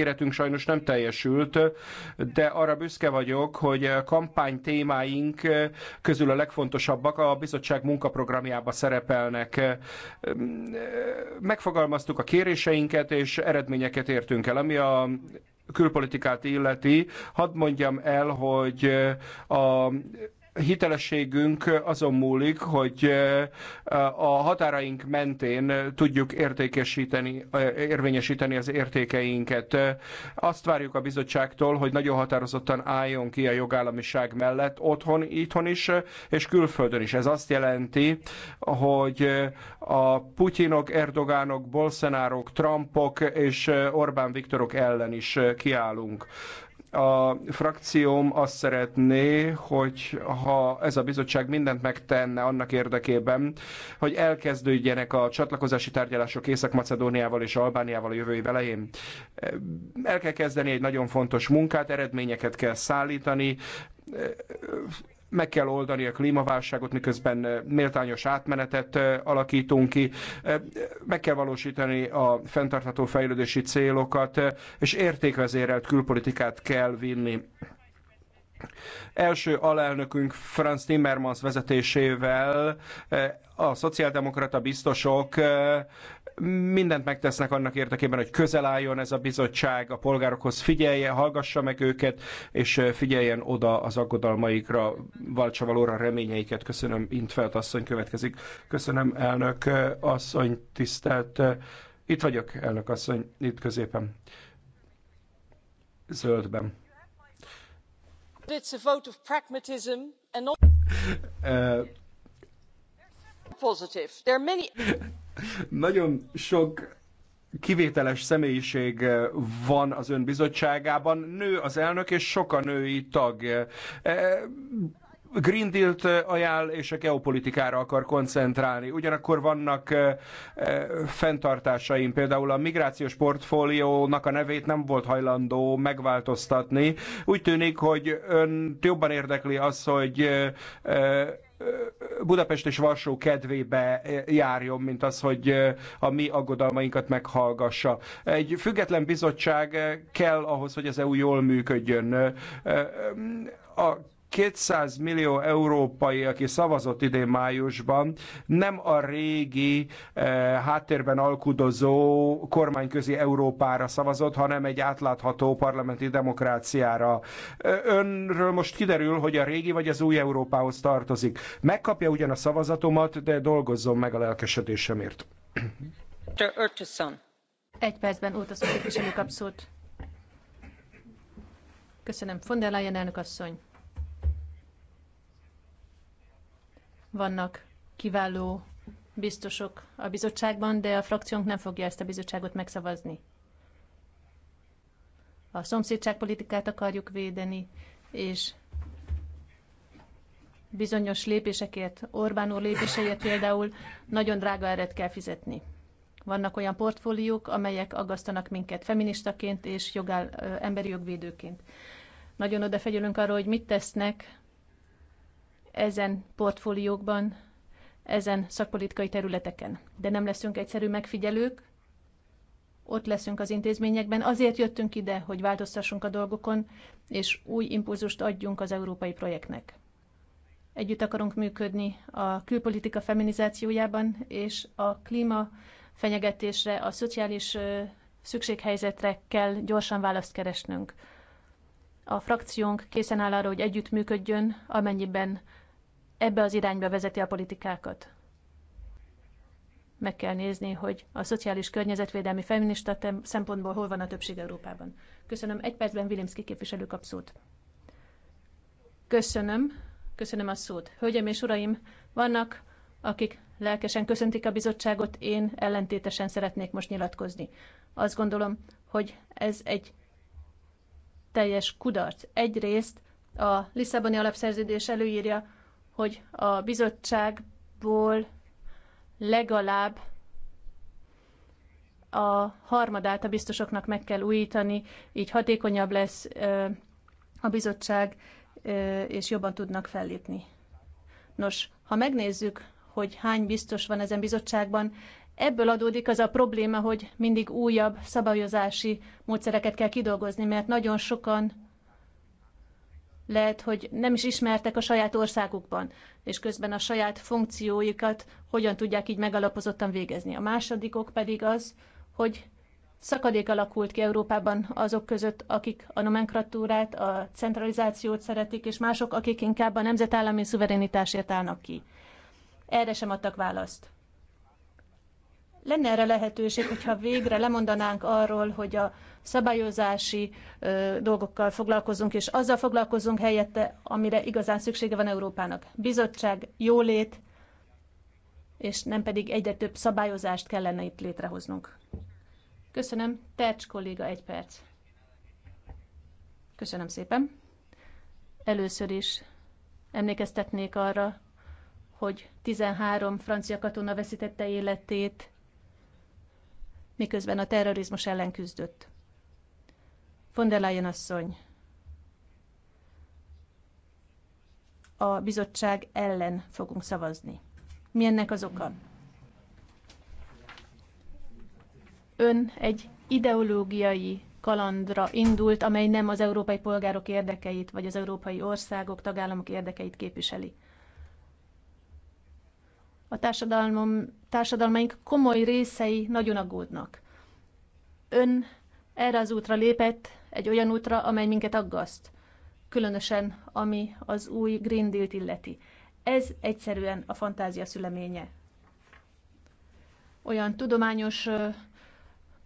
ígéretünk sajnos nem teljesült, de arra büszke vagyok, hogy a kampány témáink közül a legfontosabbak a bizottság munkaprogramjába szerepelnek. Megfogalmaztuk a kéréseinket, és eredményeket értünk el, ami a külpolitikát illeti. Hadd mondjam el, hogy a hitelességünk azon múlik, hogy a határaink mentén tudjuk értékesíteni, érvényesíteni az értékeinket. Azt várjuk a bizottságtól, hogy nagyon határozottan álljon ki a jogállamiság mellett otthon, itthon is, és külföldön is. Ez azt jelenti, hogy a Putyinok, Erdogánok, Bolsonárok, Trumpok és Orbán Viktorok ellen is kiállunk a frakcióm azt szeretné, hogy ha ez a bizottság mindent megtenne annak érdekében, hogy elkezdődjenek a csatlakozási tárgyalások Észak-Macedóniával és Albániával a jövő év elején. El kell kezdeni egy nagyon fontos munkát, eredményeket kell szállítani, meg kell oldani a klímaválságot, miközben méltányos átmenetet alakítunk ki, meg kell valósítani a fenntartható fejlődési célokat, és értékvezérelt külpolitikát kell vinni első alelnökünk Franz Timmermans vezetésével eh, a szociáldemokrata biztosok eh, mindent megtesznek annak érdekében, hogy közel álljon ez a bizottság, a polgárokhoz figyelje, hallgassa meg őket, és eh, figyeljen oda az aggodalmaikra, váltsa valóra reményeiket. Köszönöm, Intfelt asszony következik. Köszönöm, elnök asszony, tisztelt. Itt vagyok, elnök asszony, itt középen. Zöldben but it's a vote of pragmatism and not eh, positive. There are many... Nagyon sok kivételes személyiség eh, van az ön bizottságában. Nő az elnök, és sok a női tag. Eh, Green Deal-t eh, ajánl, és a geopolitikára akar koncentrálni. Ugyanakkor vannak eh, eh, fenntartásaim, például a migrációs portfóliónak a nevét nem volt hajlandó megváltoztatni. Úgy tűnik, hogy ön jobban érdekli az, hogy Budapest és Varsó kedvébe járjon, mint az, hogy a mi aggodalmainkat meghallgassa. Egy független bizottság kell ahhoz, hogy az EU jól működjön. A 200 millió európai, aki szavazott idén májusban, nem a régi eh, háttérben alkudozó kormányközi Európára szavazott, hanem egy átlátható parlamenti demokráciára. Eh, önről most kiderül, hogy a régi vagy az új Európához tartozik. Megkapja ugyan a szavazatomat, de dolgozzon meg a lelkesedésemért. Egy percben Urtuson képviselő kap Köszönöm. Von elnök asszony. Vannak kiváló biztosok a bizottságban, de a frakciónk nem fogja ezt a bizottságot megszavazni. A szomszédságpolitikát akarjuk védeni, és bizonyos lépésekért, Orbán úr lépéseiért például nagyon drága eret kell fizetni. Vannak olyan portfóliók, amelyek aggasztanak minket feministaként és jogáll, emberi jogvédőként. Nagyon odafegyülünk arra, hogy mit tesznek ezen portfóliókban, ezen szakpolitikai területeken. De nem leszünk egyszerű megfigyelők, ott leszünk az intézményekben. Azért jöttünk ide, hogy változtassunk a dolgokon, és új impulzust adjunk az európai projektnek. Együtt akarunk működni a külpolitika feminizációjában, és a klíma fenyegetésre, a szociális szükséghelyzetre kell gyorsan választ keresnünk. A frakciónk készen áll arra, hogy működjön, amennyiben ebbe az irányba vezeti a politikákat. Meg kell nézni, hogy a szociális környezetvédelmi feminista szempontból hol van a többség Európában. Köszönöm. Egy percben Vilimszki képviselő kap szót. Köszönöm. Köszönöm a szót. Hölgyeim és uraim, vannak, akik lelkesen köszöntik a bizottságot, én ellentétesen szeretnék most nyilatkozni. Azt gondolom, hogy ez egy teljes kudarc. Egyrészt a Lisszaboni alapszerződés előírja, hogy a bizottságból legalább a harmadát a biztosoknak meg kell újítani, így hatékonyabb lesz a bizottság, és jobban tudnak fellépni. Nos, ha megnézzük, hogy hány biztos van ezen bizottságban, ebből adódik az a probléma, hogy mindig újabb szabályozási módszereket kell kidolgozni, mert nagyon sokan lehet, hogy nem is ismertek a saját országukban, és közben a saját funkcióikat hogyan tudják így megalapozottan végezni. A másodikok pedig az, hogy szakadék alakult ki Európában azok között, akik a nomenklatúrát, a centralizációt szeretik, és mások, akik inkább a nemzetállami szuverenitásért állnak ki. Erre sem adtak választ. Lenne erre lehetőség, hogyha végre lemondanánk arról, hogy a szabályozási dolgokkal foglalkozunk, és azzal foglalkozunk helyette, amire igazán szüksége van Európának. Bizottság, jólét, és nem pedig egyre több szabályozást kellene itt létrehoznunk. Köszönöm. Tercs kolléga, egy perc. Köszönöm szépen. Először is emlékeztetnék arra, hogy 13 francia katona veszítette életét, miközben a terrorizmus ellen küzdött von der Leyen asszony a bizottság ellen fogunk szavazni. Mi ennek az oka? Ön egy ideológiai kalandra indult, amely nem az európai polgárok érdekeit, vagy az európai országok, tagállamok érdekeit képviseli. A társadalmom, társadalmaink komoly részei nagyon aggódnak. Ön erre az útra lépett, egy olyan útra, amely minket aggaszt, különösen ami az új Green deal illeti. Ez egyszerűen a fantázia szüleménye. Olyan tudományos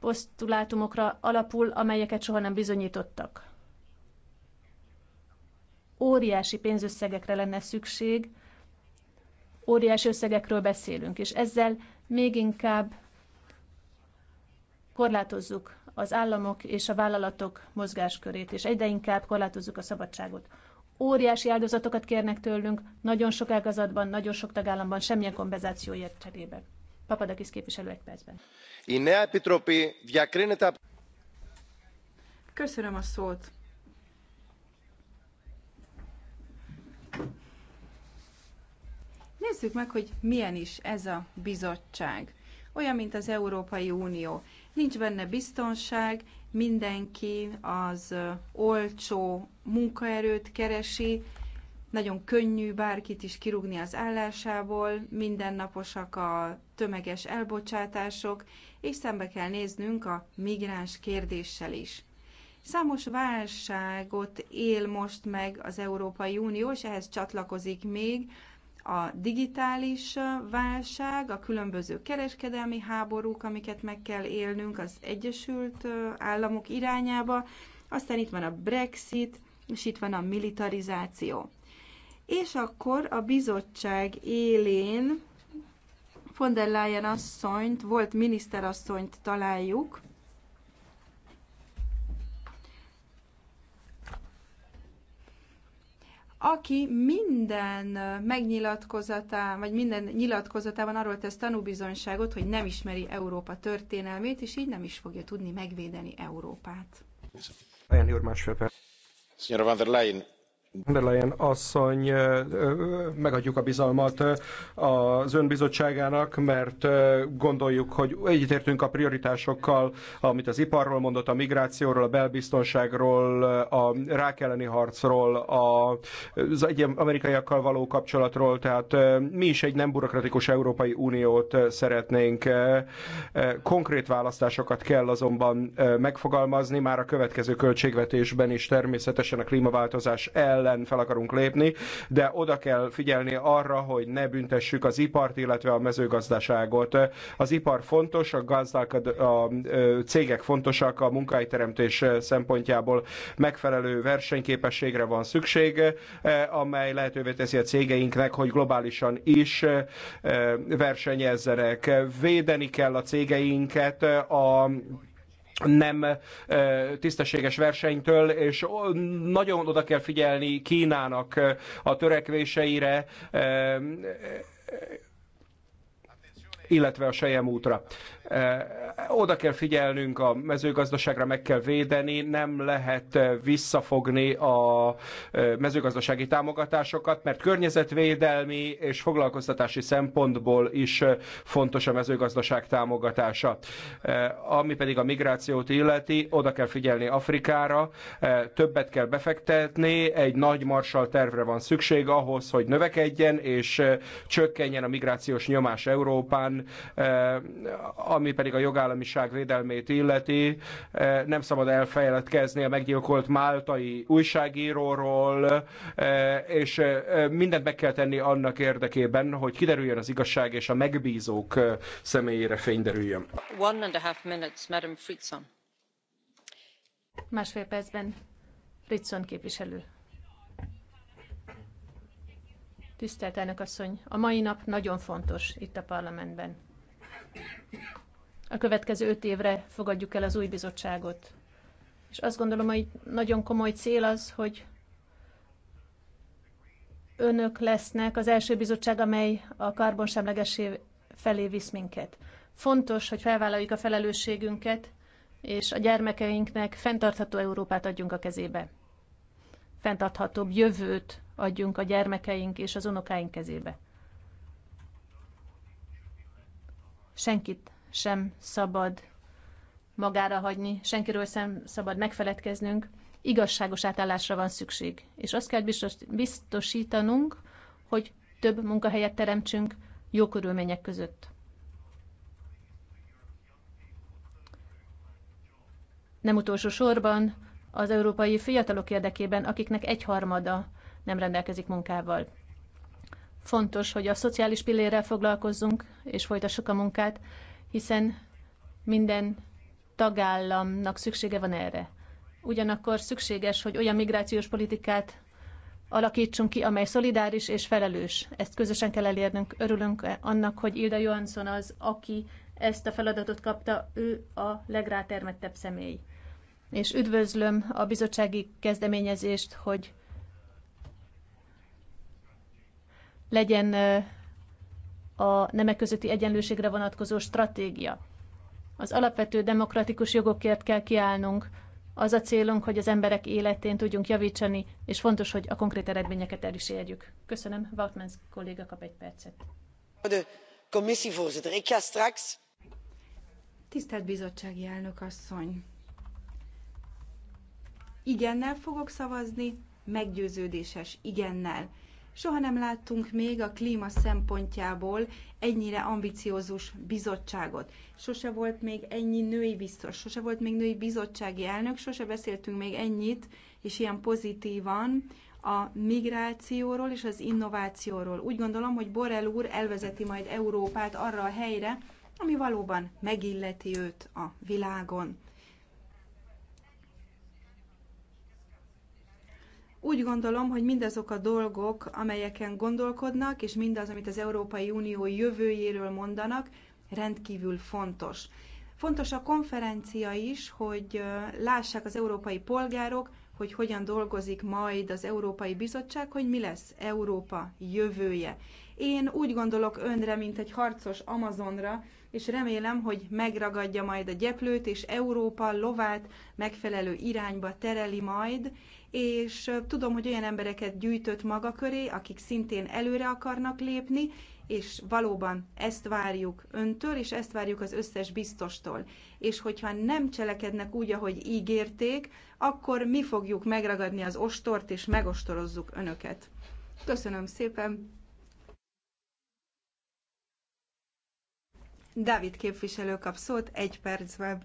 posztulátumokra alapul, amelyeket soha nem bizonyítottak. Óriási pénzösszegekre lenne szükség, óriási összegekről beszélünk, és ezzel még inkább korlátozzuk az államok és a vállalatok mozgáskörét, és egyre inkább korlátozzuk a szabadságot. Óriási áldozatokat kérnek tőlünk, nagyon sok ágazatban, nagyon sok tagállamban semmilyen kompenzációért cserébe. Papadakis képviselő egy percben. Köszönöm a szót. Nézzük meg, hogy milyen is ez a bizottság. Olyan, mint az Európai Unió nincs benne biztonság, mindenki az olcsó munkaerőt keresi, nagyon könnyű bárkit is kirúgni az állásából, mindennaposak a tömeges elbocsátások, és szembe kell néznünk a migráns kérdéssel is. Számos válságot él most meg az Európai Unió, és ehhez csatlakozik még a digitális válság, a különböző kereskedelmi háborúk, amiket meg kell élnünk az Egyesült Államok irányába, aztán itt van a Brexit, és itt van a militarizáció. És akkor a bizottság élén von der Leyen asszonyt, volt miniszterasszonyt találjuk, aki minden megnyilatkozatá, vagy minden nyilatkozatában arról tesz tanúbizonyságot, hogy nem ismeri Európa történelmét, és így nem is fogja tudni megvédeni Európát. Olyan másfél perc. der Leyen, von Leyen asszony, megadjuk a bizalmat az önbizottságának, mert gondoljuk, hogy egyetértünk a prioritásokkal, amit az iparról mondott, a migrációról, a belbiztonságról, a rák elleni harcról, az amerikaiakkal való kapcsolatról, tehát mi is egy nem burokratikus Európai Uniót szeretnénk. Konkrét választásokat kell azonban megfogalmazni, már a következő költségvetésben is természetesen a klímaváltozás el ellen fel akarunk lépni, de oda kell figyelni arra, hogy ne büntessük az ipart, illetve a mezőgazdaságot. Az ipar fontos, a gazdák, a cégek fontosak a munkahelyteremtés szempontjából megfelelő versenyképességre van szükség, amely lehetővé teszi a cégeinknek, hogy globálisan is versenyezzenek. Védeni kell a cégeinket a nem tisztességes versenytől, és nagyon oda kell figyelni Kínának a törekvéseire illetve a útra. E, oda kell figyelnünk a mezőgazdaságra, meg kell védeni, nem lehet visszafogni a e, mezőgazdasági támogatásokat, mert környezetvédelmi és foglalkoztatási szempontból is fontos a mezőgazdaság támogatása. E, ami pedig a migrációt illeti, oda kell figyelni Afrikára, többet kell befektetni, egy nagy marsal tervre van szükség ahhoz, hogy növekedjen és csökkenjen a migrációs nyomás Európán, ellen, eh, ami pedig a jogállamiság védelmét illeti. Eh, nem szabad elfejletkezni a meggyilkolt máltai újságíróról, eh, és mindent meg kell tenni annak érdekében, hogy kiderüljön az igazság, és a megbízók személyére fényderüljön. One and a half minutes, Madam Fritzon. Másfél percben Ritson képviselő. Tisztelt elnök asszony, a mai nap nagyon fontos itt a parlamentben. A következő öt évre fogadjuk el az új bizottságot. És azt gondolom, hogy nagyon komoly cél az, hogy önök lesznek az első bizottság, amely a karbonsemlegesé felé visz minket. Fontos, hogy felvállaljuk a felelősségünket, és a gyermekeinknek fenntartható Európát adjunk a kezébe. Fenntarthatóbb jövőt adjunk a gyermekeink és az unokáink kezébe. Senkit sem szabad magára hagyni, senkiről sem szabad megfeledkeznünk, igazságos átállásra van szükség. És azt kell biztosítanunk, hogy több munkahelyet teremtsünk jó körülmények között. Nem utolsó sorban az európai fiatalok érdekében, akiknek egyharmada nem rendelkezik munkával. Fontos, hogy a szociális pillérrel foglalkozzunk és folytassuk a munkát, hiszen minden tagállamnak szüksége van erre. Ugyanakkor szükséges, hogy olyan migrációs politikát alakítsunk ki, amely szolidáris és felelős. Ezt közösen kell elérnünk. Örülünk annak, hogy Ilda Johansson az, aki ezt a feladatot kapta, ő a legrátermettebb személy. És üdvözlöm a bizottsági kezdeményezést, hogy legyen a nemek közötti egyenlőségre vonatkozó stratégia. Az alapvető demokratikus jogokért kell kiállnunk, az a célunk, hogy az emberek életén tudjunk javítani, és fontos, hogy a konkrét eredményeket el is érjük. Köszönöm, Woutmans kolléga kap egy percet. Tisztelt bizottsági elnök asszony! Igennel fogok szavazni, meggyőződéses igennel. Soha nem láttunk még a klíma szempontjából ennyire ambiciózus bizottságot. Sose volt még ennyi női biztos, sose volt még női bizottsági elnök, sose beszéltünk még ennyit, és ilyen pozitívan a migrációról és az innovációról. Úgy gondolom, hogy Borrell úr elvezeti majd Európát arra a helyre, ami valóban megilleti őt a világon. Úgy gondolom, hogy mindazok a dolgok, amelyeken gondolkodnak, és mindaz, amit az Európai Unió jövőjéről mondanak, rendkívül fontos. Fontos a konferencia is, hogy lássák az európai polgárok, hogy hogyan dolgozik majd az Európai Bizottság, hogy mi lesz Európa jövője. Én úgy gondolok önre, mint egy harcos Amazonra, és remélem, hogy megragadja majd a gyeplőt, és Európa lovát megfelelő irányba tereli majd, és tudom, hogy olyan embereket gyűjtött maga köré, akik szintén előre akarnak lépni, és valóban ezt várjuk öntől, és ezt várjuk az összes biztostól. És hogyha nem cselekednek úgy, ahogy ígérték, akkor mi fogjuk megragadni az ostort, és megostorozzuk önöket. Köszönöm szépen! Dávid képviselő kap szót egy percben.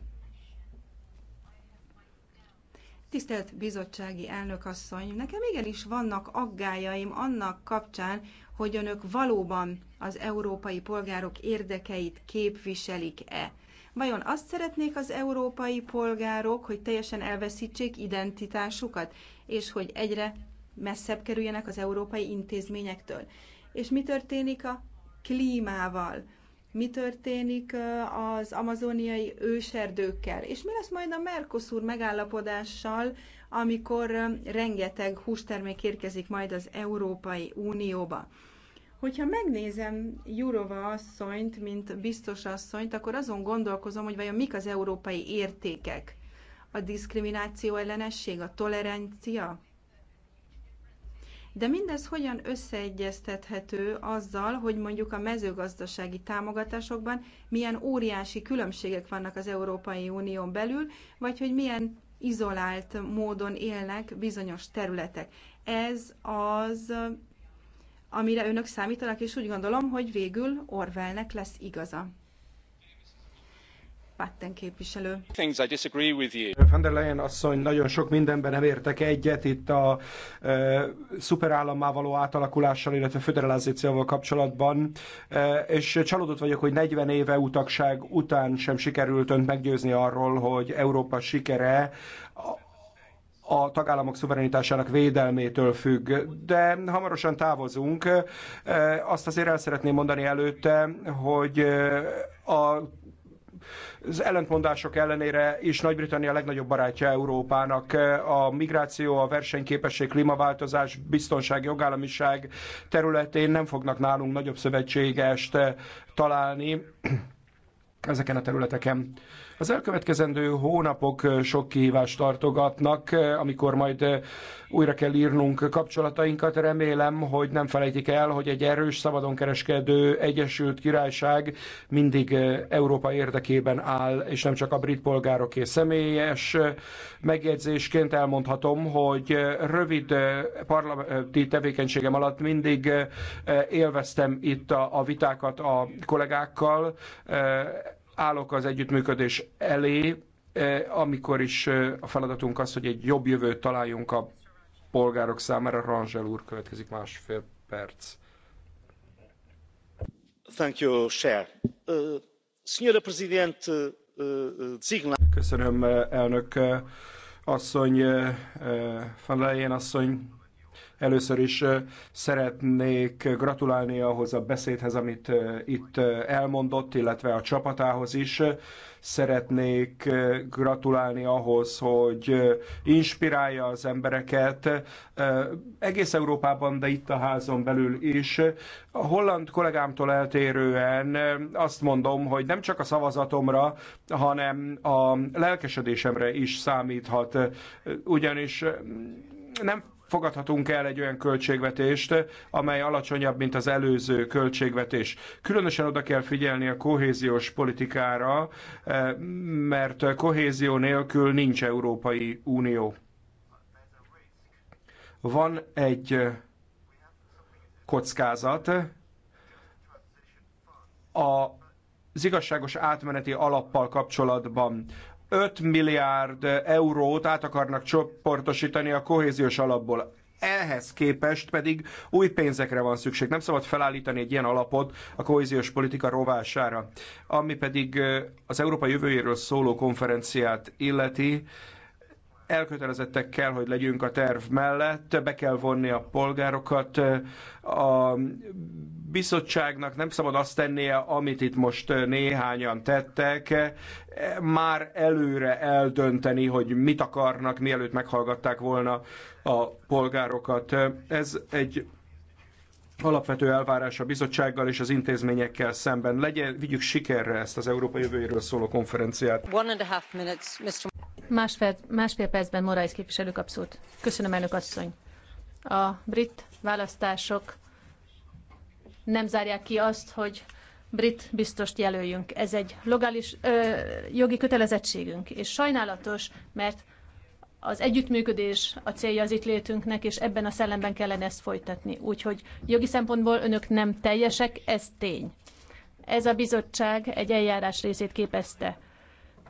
Tisztelt bizottsági asszony, nekem igenis vannak aggájaim annak kapcsán, hogy önök valóban az európai polgárok érdekeit képviselik-e. Vajon azt szeretnék az európai polgárok, hogy teljesen elveszítsék identitásukat, és hogy egyre messzebb kerüljenek az európai intézményektől? És mi történik a klímával? mi történik az amazoniai őserdőkkel, és mi lesz majd a Mercosur megállapodással, amikor rengeteg hústermék érkezik majd az Európai Unióba. Hogyha megnézem Jurova asszonyt, mint biztos asszonyt, akkor azon gondolkozom, hogy vajon mik az európai értékek. A diszkrimináció ellenesség, a tolerancia, de mindez hogyan összeegyeztethető azzal, hogy mondjuk a mezőgazdasági támogatásokban milyen óriási különbségek vannak az Európai Unión belül, vagy hogy milyen izolált módon élnek bizonyos területek. Ez az, amire önök számítanak, és úgy gondolom, hogy végül Orwellnek lesz igaza. Patten képviselő. Van der Leyen asszony, nagyon sok mindenben nem értek egyet itt a e, szuperállammá való átalakulással, illetve föderalizációval kapcsolatban, e, és csalódott vagyok, hogy 40 éve utakság után sem sikerült önt meggyőzni arról, hogy Európa sikere a tagállamok szuverenitásának védelmétől függ. De hamarosan távozunk. Azt azért el szeretném mondani előtte, hogy a az ellentmondások ellenére is Nagy-Britannia a legnagyobb barátja Európának. A migráció, a versenyképesség, klímaváltozás, biztonság, jogállamiság területén nem fognak nálunk nagyobb szövetségest találni ezeken a területeken. Az elkövetkezendő hónapok sok kihívást tartogatnak, amikor majd újra kell írnunk kapcsolatainkat. Remélem, hogy nem felejtik el, hogy egy erős, szabadon kereskedő Egyesült Királyság mindig Európa érdekében áll, és nem csak a brit polgároké személyes. Megjegyzésként elmondhatom, hogy rövid parlamenti tevékenységem alatt mindig élveztem itt a vitákat a kollégákkal állok az együttműködés elé, eh, amikor is eh, a feladatunk az, hogy egy jobb jövőt találjunk a polgárok számára. Rangel úr következik másfél perc. Thank you, Chair. Uh, Signora uh, uh Köszönöm, eh, elnök asszony, uh, van asszony, Először is szeretnék gratulálni ahhoz a beszédhez, amit itt elmondott, illetve a csapatához is. Szeretnék gratulálni ahhoz, hogy inspirálja az embereket egész Európában, de itt a házon belül is. A holland kollégámtól eltérően azt mondom, hogy nem csak a szavazatomra, hanem a lelkesedésemre is számíthat, ugyanis nem fogadhatunk el egy olyan költségvetést, amely alacsonyabb, mint az előző költségvetés. Különösen oda kell figyelni a kohéziós politikára, eh, mert kohézió nélkül nincs Európai Unió. Van egy eh, kockázat, a az igazságos átmeneti alappal kapcsolatban 5 milliárd eurót át akarnak csoportosítani a kohéziós alapból. Ehhez képest pedig új pénzekre van szükség. Nem szabad felállítani egy ilyen alapot a kohéziós politika rovására. Ami pedig az Európa jövőjéről szóló konferenciát illeti, elkötelezettek kell, hogy legyünk a terv mellett, be kell vonni a polgárokat. A bizottságnak nem szabad azt tennie, amit itt most néhányan tettek, már előre eldönteni, hogy mit akarnak, mielőtt meghallgatták volna a polgárokat. Ez egy alapvető elvárás a bizottsággal és az intézményekkel szemben. Legyen, vigyük sikerre ezt az Európa jövőjéről szóló konferenciát. Másfél, másfél percben Morais képviselő kap szót. Köszönöm, elnök asszony. A brit választások nem zárják ki azt, hogy brit biztost jelöljünk. Ez egy logális, ö, jogi kötelezettségünk, és sajnálatos, mert az együttműködés a célja az itt létünknek, és ebben a szellemben kellene ezt folytatni. Úgyhogy jogi szempontból önök nem teljesek, ez tény. Ez a bizottság egy eljárás részét képezte,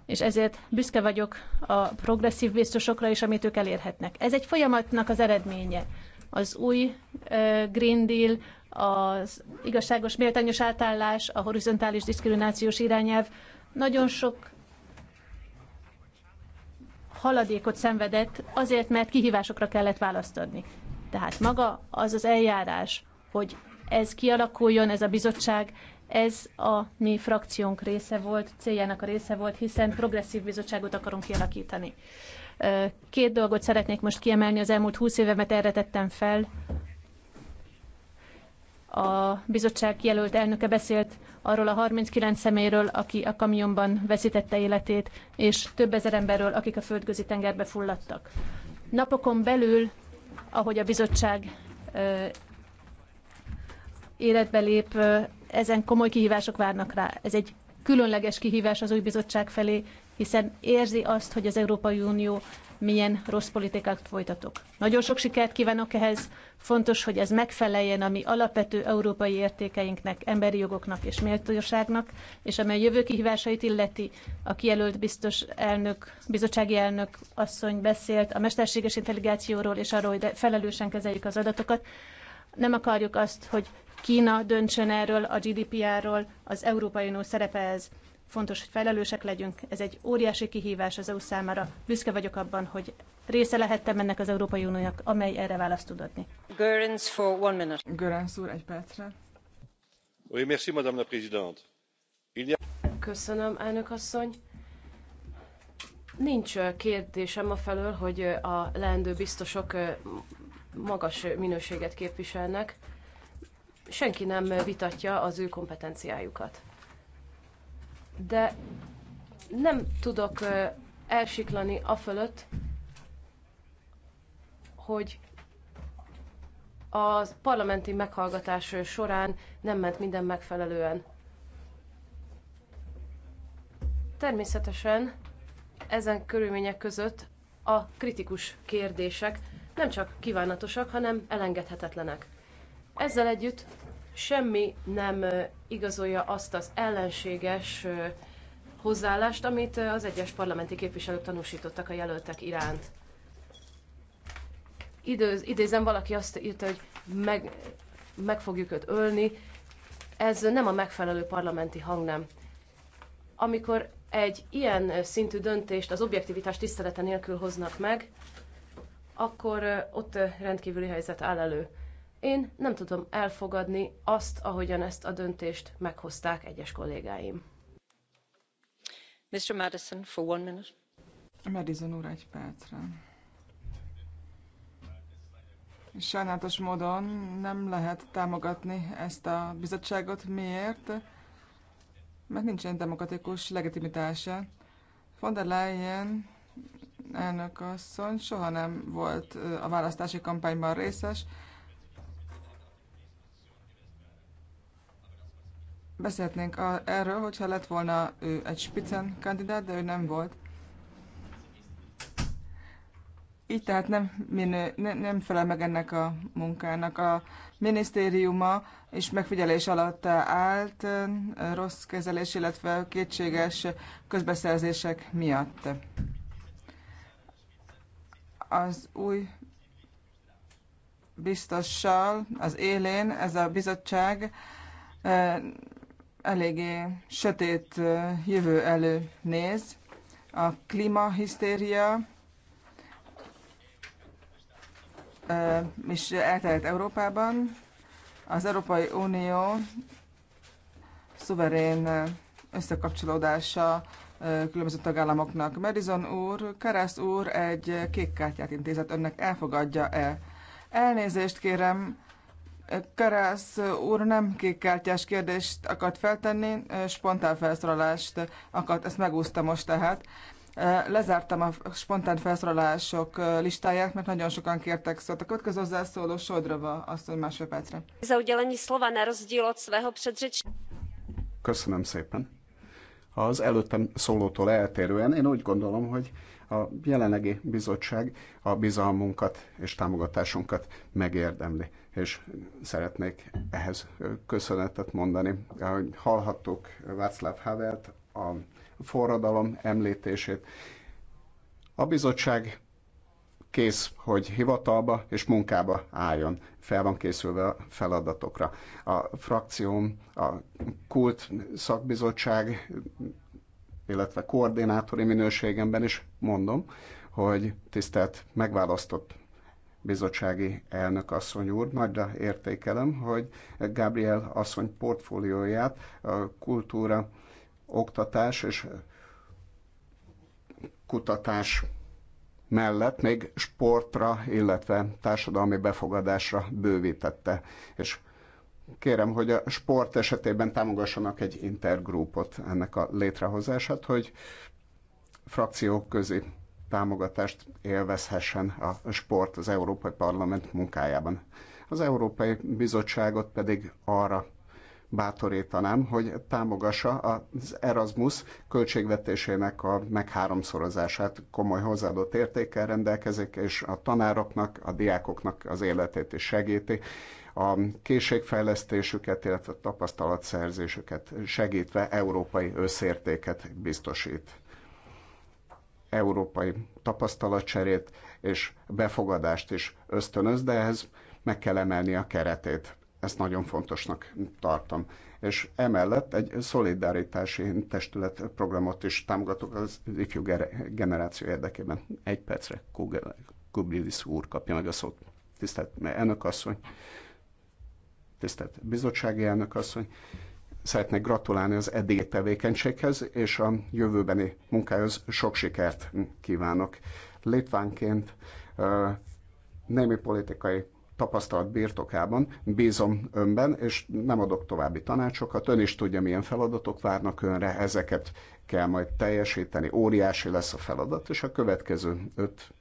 és ezért büszke vagyok a progresszív biztosokra is, amit ők elérhetnek. Ez egy folyamatnak az eredménye. Az új uh, Green Deal, az igazságos méltányos átállás, a horizontális diszkriminációs irányelv, nagyon sok haladékot szenvedett, azért, mert kihívásokra kellett választ adni. Tehát maga az az eljárás, hogy ez kialakuljon, ez a bizottság, ez a mi frakciónk része volt, céljának a része volt, hiszen progresszív bizottságot akarunk kialakítani. Két dolgot szeretnék most kiemelni, az elmúlt húsz évemet erre tettem fel a bizottság jelölt elnöke beszélt arról a 39 szeméről, aki a kamionban veszítette életét, és több ezer emberről, akik a földközi tengerbe fulladtak. Napokon belül, ahogy a bizottság életbe lép, ezen komoly kihívások várnak rá. Ez egy különleges kihívás az új bizottság felé, hiszen érzi azt, hogy az Európai Unió milyen rossz politikát folytatok. Nagyon sok sikert kívánok ehhez, fontos, hogy ez megfeleljen a mi alapvető európai értékeinknek, emberi jogoknak és méltóságnak, és amely jövő kihívásait illeti, a kijelölt biztos elnök, bizottsági elnök asszony beszélt a mesterséges intelligációról és arról, hogy felelősen kezeljük az adatokat. Nem akarjuk azt, hogy Kína döntsön erről, a GDPR-ról, az Európai Unió szerepe ez fontos, hogy felelősek legyünk. Ez egy óriási kihívás az EU számára. Büszke vagyok abban, hogy része lehettem ennek az Európai Uniónak, amely erre választ tud adni. Görens for one minute. Görens úr, egy percre. Oui, merci, madame la présidente. Köszönöm, elnök asszony. Nincs kérdésem a felől, hogy a leendő biztosok magas minőséget képviselnek. Senki nem vitatja az ő kompetenciájukat de nem tudok elsiklani fölött, hogy a parlamenti meghallgatás során nem ment minden megfelelően. Természetesen ezen körülmények között a kritikus kérdések nem csak kívánatosak, hanem elengedhetetlenek. Ezzel együtt semmi nem igazolja azt az ellenséges hozzáállást, amit az egyes parlamenti képviselők tanúsítottak a jelöltek iránt. Időz, idézem, valaki azt írta, hogy meg, meg fogjuk őt ölni. Ez nem a megfelelő parlamenti hang, nem. Amikor egy ilyen szintű döntést az objektivitás tisztelete nélkül hoznak meg, akkor ott rendkívüli helyzet áll elő. Én nem tudom elfogadni azt, ahogyan ezt a döntést meghozták egyes kollégáim. Mr. Madison, for one minute. Madison úr, egy percre. Sajnálatos módon nem lehet támogatni ezt a bizottságot. Miért? Mert nincsen demokratikus legitimitása. Von der Leyen elnök asszony soha nem volt a választási kampányban részes, Beszélhetnénk a, erről, hogyha lett volna ő egy spicen kandidát, de ő nem volt. Így tehát nem, minő, ne, nem felel meg ennek a munkának. A minisztériuma is megfigyelés alatt állt rossz kezelés, illetve kétséges közbeszerzések miatt. Az új biztossal az élén ez a bizottság eléggé sötét jövő elő néz. A klímahisztéria is elterjedt Európában. Az Európai Unió szuverén összekapcsolódása különböző tagállamoknak. Merizon úr, Karász úr egy kék kártyát intézett önnek, elfogadja-e? Elnézést kérem, Karász úr nem kékkártyás kérdést akart feltenni, spontán felszólalást akart, ezt megúszta most tehát. Lezártam a spontán felszólalások listáját, mert nagyon sokan kértek szót. A következő hozzászóló Sodrova asszony másfél percre. Köszönöm szépen. Az előttem szólótól eltérően én úgy gondolom, hogy a jelenlegi bizottság a bizalmunkat és támogatásunkat megérdemli és szeretnék ehhez köszönetet mondani. Ahogy hallhattuk Václav Havelt, a forradalom említését. A bizottság kész, hogy hivatalba és munkába álljon. Fel van készülve a feladatokra. A frakcióm, a kult szakbizottság, illetve koordinátori minőségemben is mondom, hogy tisztelt megválasztott bizottsági elnök asszony úr. Nagyra értékelem, hogy Gabriel asszony portfólióját a kultúra, oktatás és kutatás mellett még sportra, illetve társadalmi befogadásra bővítette. És kérem, hogy a sport esetében támogassanak egy intergrupot ennek a létrehozását, hogy frakciók közé támogatást élvezhessen a sport az Európai Parlament munkájában. Az Európai Bizottságot pedig arra bátorítanám, hogy támogassa az Erasmus költségvetésének a megháromszorozását, komoly hozzáadott értékkel rendelkezik, és a tanároknak, a diákoknak az életét is segíti. A készségfejlesztésüket, illetve tapasztalatszerzésüket segítve európai összértéket biztosít európai tapasztalatcserét és befogadást is ösztönöz, de ehhez meg kell emelni a keretét. Ezt nagyon fontosnak tartom. És emellett egy szolidaritási testület programot is támogatok az ifjú generáció érdekében. Egy percre Kubilis úr kapja meg a szót. Tisztelt elnök asszony, tisztelt bizottsági elnök asszony, Szeretnék gratulálni az eddigi tevékenységhez, és a jövőbeni munkához sok sikert kívánok. Litvánként némi politikai tapasztalat birtokában, bízom önben, és nem adok további tanácsokat. Ön is tudja, milyen feladatok várnak önre, ezeket kell majd teljesíteni. Óriási lesz a feladat, és a következő öt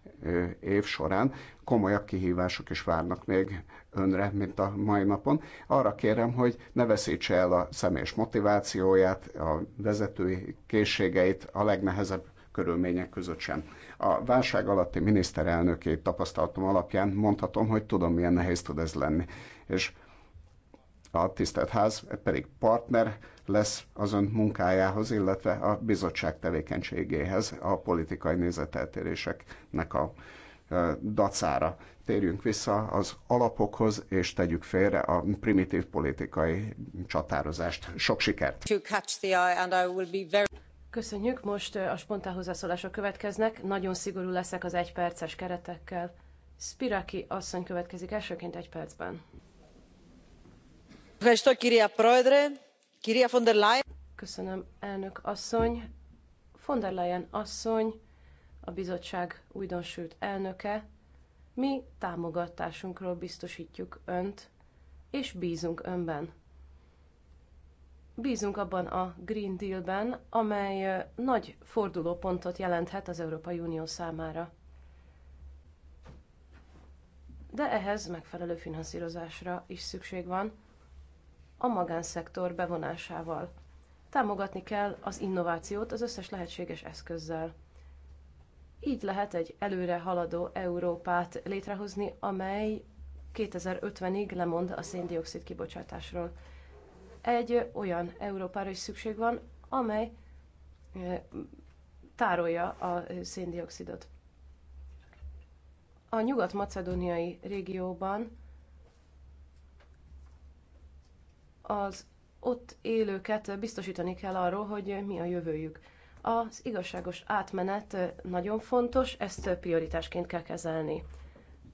év során komolyabb kihívások is várnak még önre, mint a mai napon. Arra kérem, hogy ne veszítse el a személyes motivációját, a vezetői készségeit a legnehezebb körülmények között sem. A válság alatti miniszterelnöki tapasztalatom alapján mondhatom, hogy tudom, milyen nehéz tud ez lenni. És a tisztelt ház pedig partner lesz az ön munkájához, illetve a bizottság tevékenységéhez a politikai nézeteltéréseknek a dacára. Térjünk vissza az alapokhoz, és tegyük félre a primitív politikai csatározást. Sok sikert! Köszönjük, most a spontán hozzászólások következnek. Nagyon szigorú leszek az egyperces keretekkel. Spiraki asszony következik elsőként egy percben. Köszönöm, elnök asszony. Von der Leyen asszony, a bizottság újdonsült elnöke, mi támogatásunkról biztosítjuk önt, és bízunk önben. Bízunk abban a Green Deal-ben, amely nagy fordulópontot jelenthet az Európai Unió számára. De ehhez megfelelő finanszírozásra is szükség van, a magánszektor bevonásával. Támogatni kell az innovációt az összes lehetséges eszközzel. Így lehet egy előre haladó Európát létrehozni, amely 2050-ig lemond a széndiokszid kibocsátásról. Egy olyan Európára is szükség van, amely tárolja a széndiokszidot. A nyugat-macedóniai régióban az ott élőket biztosítani kell arról, hogy mi a jövőjük. Az igazságos átmenet nagyon fontos, ezt prioritásként kell kezelni.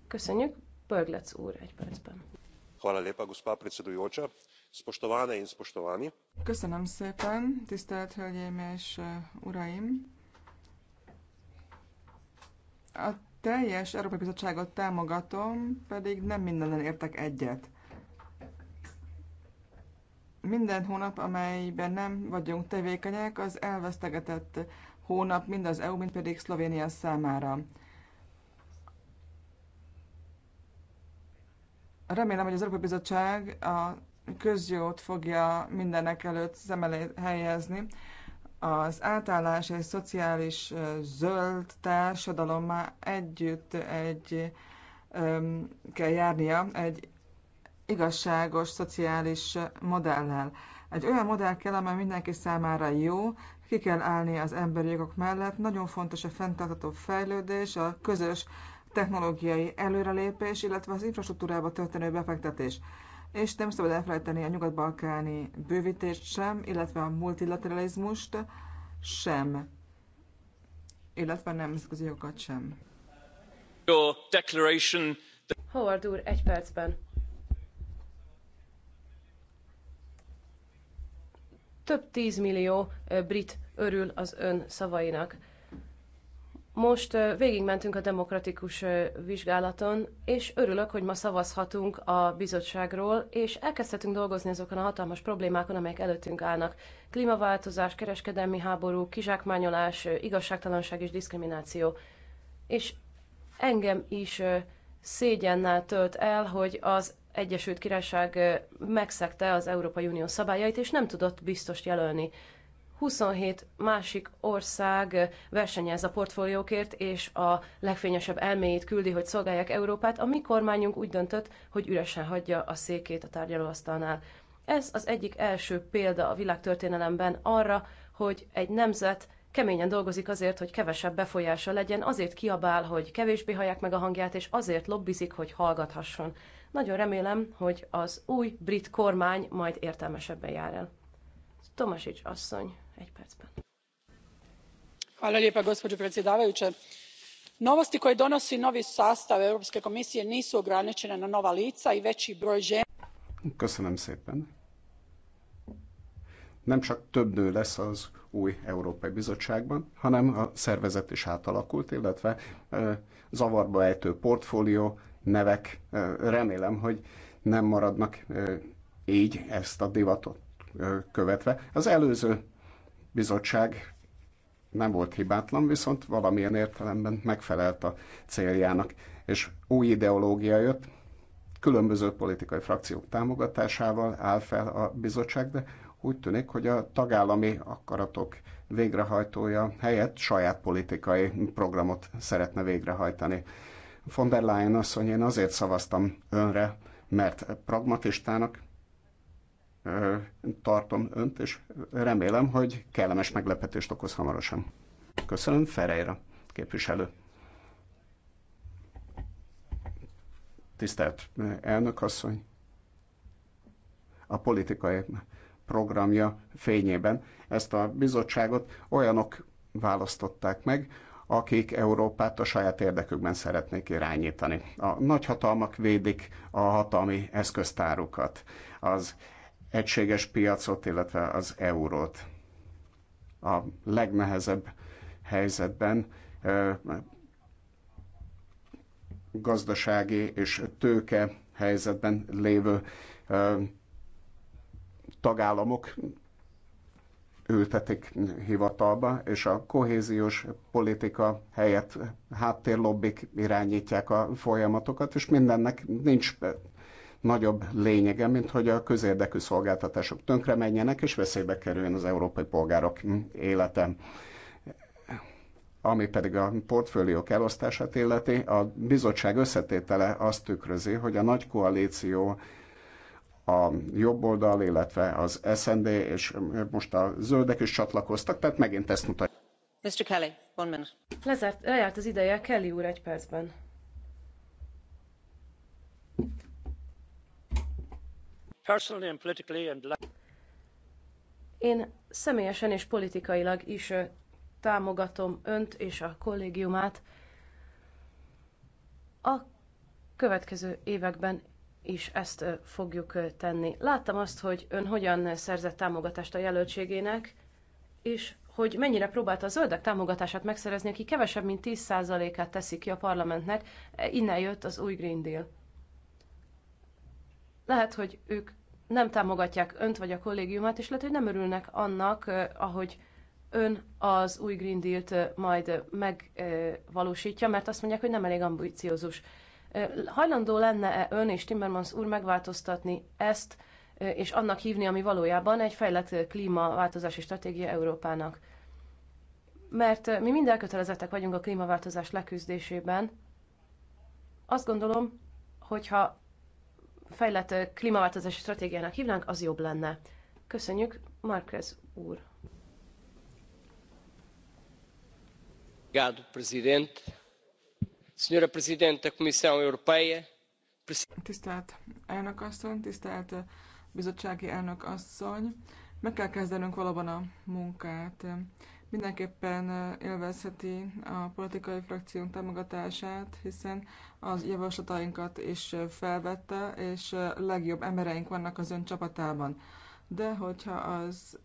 Köszönjük, Börglec úr, egy percben. Hvala lepa, gospa predsedujoča. Spoštovane in spoštovani. Köszönöm szépen, tisztelt Hölgyeim és Uraim! A teljes Európai Bizottságot támogatom, pedig nem mindenen értek egyet. Minden hónap, amelyben nem vagyunk tevékenyek, az elvesztegetett hónap mind az EU, mind pedig Szlovénia számára. Remélem, hogy az Európai Bizottság a közjót fogja mindenek előtt szem elé helyezni. Az átállás egy szociális zöld társadalommá együtt egy öm, kell járnia egy igazságos szociális modellel. Egy olyan modell kell, amely mindenki számára jó, ki kell állni az emberi jogok mellett. Nagyon fontos a fenntartható fejlődés, a közös technológiai előrelépés, illetve az infrastruktúrába történő befektetés. És nem szabad elfelejteni a nyugat-balkáni bővítést sem, illetve a multilateralizmust sem, illetve a nemzetközi jogokat sem. Your declaration... Howard úr, egy percben Több tízmillió brit örül az ön szavainak. Most végigmentünk a demokratikus vizsgálaton, és örülök, hogy ma szavazhatunk a bizottságról, és elkezdhetünk dolgozni azokon a hatalmas problémákon, amelyek előttünk állnak. Klímaváltozás, kereskedelmi háború, kizsákmányolás, igazságtalanság és diszkrimináció. És engem is szégyennel tölt el, hogy az Egyesült Királyság megszegte az Európai Unió szabályait, és nem tudott biztost jelölni. 27 másik ország versenyez a portfóliókért, és a legfényesebb elméjét küldi, hogy szolgálják Európát. A mi kormányunk úgy döntött, hogy üresen hagyja a székét a tárgyalóasztalnál. Ez az egyik első példa a világtörténelemben arra, hogy egy nemzet keményen dolgozik azért, hogy kevesebb befolyása legyen, azért kiabál, hogy kevésbé hallják meg a hangját, és azért lobbizik, hogy hallgathasson. Nagyon remélem, hogy az új brit kormány majd értelmesebben jár el. Tomasics asszony, egy percben. Hvala lijepa, gospođo predsjedavajuća. Novosti koje donosi novi sastav Europske komisije nisu ograničene na nova lica i veći broj žena. Köszönöm szépen nem csak több nő lesz az új Európai Bizottságban, hanem a szervezet is átalakult, illetve zavarba ejtő portfólió, nevek. Remélem, hogy nem maradnak így ezt a divatot követve. Az előző bizottság nem volt hibátlan, viszont valamilyen értelemben megfelelt a céljának, és új ideológia jött, különböző politikai frakciók támogatásával áll fel a bizottság, de úgy tűnik, hogy a tagállami akaratok végrehajtója helyett saját politikai programot szeretne végrehajtani von der Leyen mondja, én azért szavaztam önre, mert pragmatistának tartom önt, és remélem, hogy kellemes meglepetést okoz hamarosan. Köszönöm, Ferreira képviselő. Tisztelt elnök asszony, a politikai programja fényében ezt a bizottságot olyanok választották meg, akik Európát a saját érdekükben szeretnék irányítani. A nagyhatalmak védik a hatalmi eszköztárukat, az egységes piacot, illetve az eurót. A legnehezebb helyzetben gazdasági és tőke helyzetben lévő tagállamok ültetik hivatalba, és a kohéziós politika helyett háttérlobbik irányítják a folyamatokat, és mindennek nincs nagyobb lényege, mint hogy a közérdekű szolgáltatások tönkre menjenek, és veszélybe kerüljön az európai polgárok élete. Ami pedig a portfóliók elosztását illeti, a bizottság összetétele azt tükrözi, hogy a nagy koalíció a jobb oldal, illetve az SND, és most a zöldek is csatlakoztak, tehát megint ezt mutatja. Mr. Kelly, one minute. Lezárt, lejárt az ideje, Kelly úr egy percben. Personally and politically and... Én személyesen és politikailag is támogatom önt és a kollégiumát a következő években és ezt fogjuk tenni. Láttam azt, hogy ön hogyan szerzett támogatást a jelöltségének, és hogy mennyire próbálta a zöldek támogatását megszerezni, aki kevesebb, mint 10%-át teszik ki a parlamentnek, e, innen jött az új Green Deal. Lehet, hogy ők nem támogatják önt vagy a kollégiumát, és lehet, hogy nem örülnek annak, ahogy ön az új Green Deal-t majd megvalósítja, mert azt mondják, hogy nem elég ambiciózus. Hajlandó lenne-e ön és Timmermans úr megváltoztatni ezt, és annak hívni, ami valójában egy fejlett klímaváltozási stratégia Európának? Mert mi mind elkötelezettek vagyunk a klímaváltozás leküzdésében. Azt gondolom, hogyha fejlett klímaváltozási stratégiának hívnánk, az jobb lenne. Köszönjük, Marquez úr. Gád, prezident. Tisztelt elnök asszony, tisztelt bizottsági elnök asszony, meg kell kezdenünk valóban a munkát. Mindenképpen élvezheti a politikai frakciónk támogatását, hiszen az javaslatainkat is felvette, és legjobb embereink vannak az ön csapatában. De hogyha az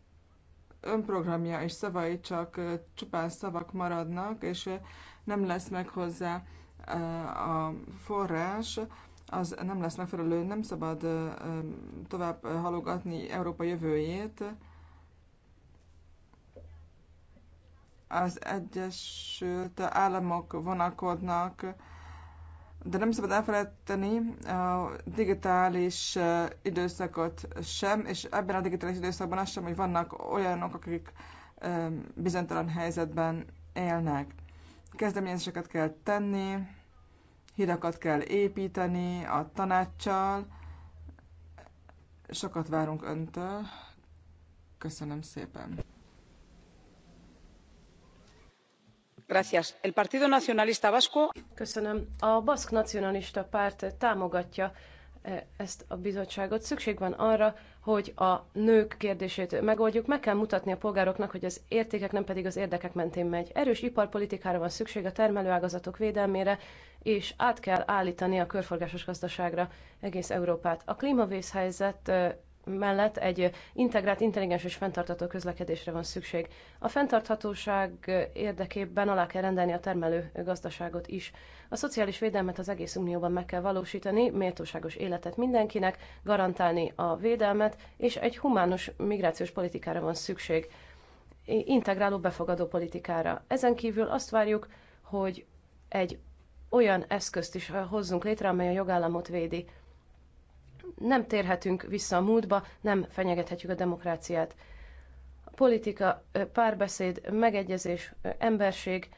önprogramja és szavai csak csupán szavak maradnak, és nem lesz meg hozzá a forrás az nem lesz megfelelő, nem szabad tovább halogatni Európa jövőjét. Az Egyesült Államok vonakodnak, de nem szabad elfelejteni a digitális időszakot sem, és ebben a digitális időszakban az sem, hogy vannak olyanok, akik bizonytalan helyzetben élnek. Kezdeményezéseket kell tenni, hidakat kell építeni a tanácssal. Sokat várunk öntől. Köszönöm szépen. El Partido Nacionalista Vasco. Köszönöm. A Baszk Nacionalista Párt támogatja e, ezt a bizottságot. Szükség van arra, hogy a nők kérdését megoldjuk. Meg kell mutatni a polgároknak, hogy az értékek nem pedig az érdekek mentén megy. Erős iparpolitikára van szükség a termelőágazatok védelmére, és át kell állítani a körforgásos gazdaságra egész Európát. A klímavészhelyzet mellett egy integrált, intelligens és fenntartható közlekedésre van szükség. A fenntarthatóság érdekében alá kell rendelni a termelő gazdaságot is. A szociális védelmet az egész Unióban meg kell valósítani, méltóságos életet mindenkinek, garantálni a védelmet, és egy humános migrációs politikára van szükség. Integráló befogadó politikára. Ezen kívül azt várjuk, hogy egy olyan eszközt is eh, hozzunk létre, amely a jogállamot védi. Nem térhetünk vissza a múltba, nem fenyegethetjük a demokráciát. A politika, eh, párbeszéd, megegyezés, eh, emberség,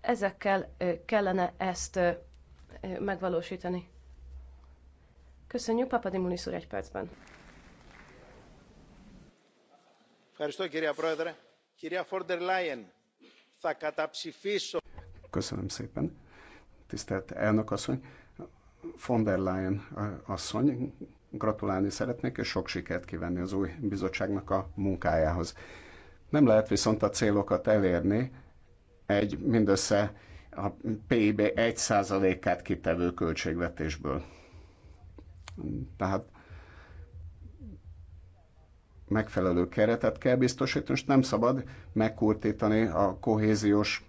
ezekkel kellene ezt megvalósítani. Köszönjük, Papadimulis úr, egy percben. Ευχαριστώ κυρία Πρόεδρε. Κυρία Φόρντερ θα καταψηφίσω Köszönöm szépen, tisztelt elnök asszony. Von der Leyen asszony, gratulálni szeretnék, és sok sikert kívánni az új bizottságnak a munkájához. Nem lehet viszont a célokat elérni egy mindössze a PIB 1%-át kitevő költségvetésből. Tehát megfelelő keretet kell biztosítani, és nem szabad megkurtítani a kohéziós